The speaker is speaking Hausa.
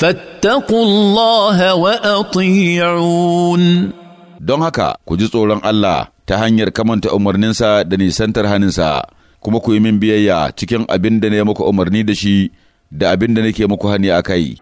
فاتقوا الله وأطيعون don haka ku ji tsoron Allah ta hanyar kamanta umarninsa da nisantar haninsa kuma ku yi min biyayya cikin abin da na yi muku umarni da shi da abin da nake muku hani a kai.